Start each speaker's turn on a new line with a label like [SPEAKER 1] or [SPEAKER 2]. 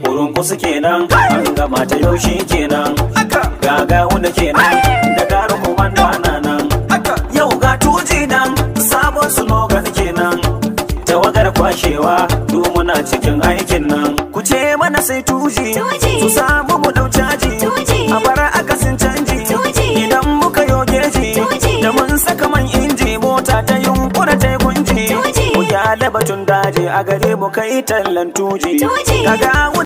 [SPEAKER 1] Horon kenan, an gama ta yaushe kenan, gaga wanda kenan, da garin komanda na nan. Yau ga tuji
[SPEAKER 2] nan, sabon slogan kenan, tawagar kwashewa, muna cikin aikin nan. Ku ce mana sai tuji, su samu mu dau caji, a bara akasin canji, idan muka yo geji, da mun saka man inji mota ta yunkura ta
[SPEAKER 3] kunji. Ku ya batun daji a gare mu kai tallan tuji.